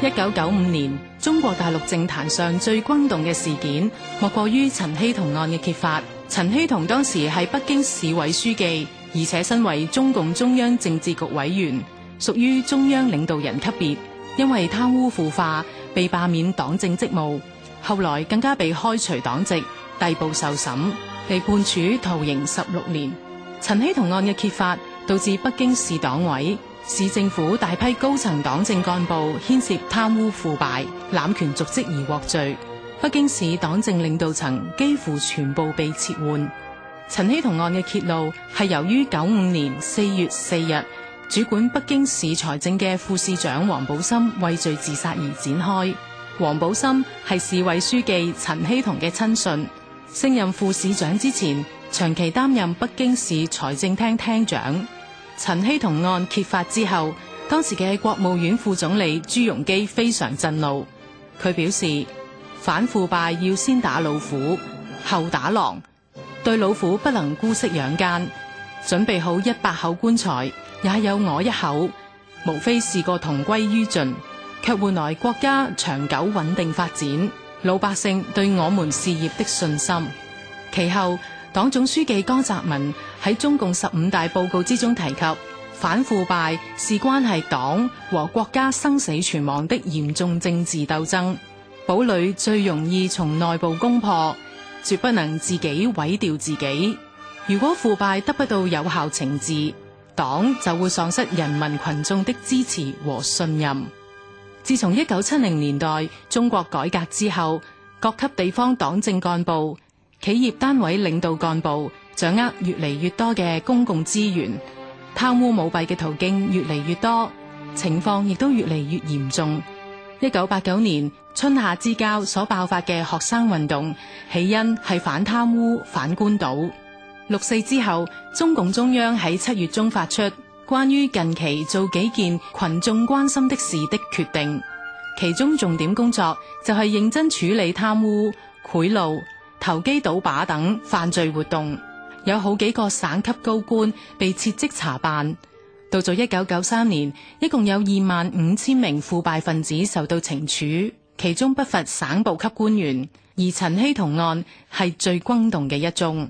一九九五年，中國大陸政壇上最轟動嘅事件，莫過於陳希同案嘅揭發。陳希同當時係北京市委書記，而且身為中共中央政治局委員，屬於中央領導人級別，因為貪污腐化，被罷免黨政職務，後來更加被開除黨籍、逮捕受審，被判處徒刑十六年。陳希同案嘅揭發，導致北京市黨委、市政府大批高層黨政幹部牽涉貪污腐敗、濫權瀆職而獲罪，北京市黨政領導層幾乎全部被撤換。陳希同案嘅揭露係由於九五年四月四日主管北京市財政嘅副市長王寶森畏罪自殺而展開。王寶森係市委書記陳希同嘅親信，升任副市長之前，長期擔任北京市財政廳廳長。陳希同案揭發之後，當時嘅國務院副總理朱鎔基非常震怒，佢表示反腐敗要先打老虎，後打狼，對老虎不能姑息養奸，準備好一百口棺材，也有我一口，無非是個同歸於盡，卻換來國家長久穩定發展，老百姓對我們事業的信心。其後。黨總書記江澤民喺中共十五大報告之中提及，反腐敗是關係黨和國家生死存亡的嚴重政治鬥爭，堡壘最容易從內部攻破，絕不能自己毀掉自己。如果腐敗得不到有效懲治，黨就會喪失人民群眾的支持和信任。自從一九七零年代中國改革之後，各級地方黨政幹部企業單位領導幹部掌握越嚟越多嘅公共資源，貪污舞弊嘅途徑越嚟越多，情況亦都越嚟越嚴重。一九八九年春夏之交所爆發嘅學生運動，起因係反貪污、反官倒。六四之後，中共中央喺七月中發出關於近期做幾件群眾關心的事的決定，其中重點工作就係認真處理貪污賄賂。投機倒把等犯罪活動，有好幾個省級高官被撤職查辦。到咗一九九三年，一共有二萬五千名腐敗分子受到懲處，其中不乏省部級官員。而陳希同案係最轟動嘅一宗。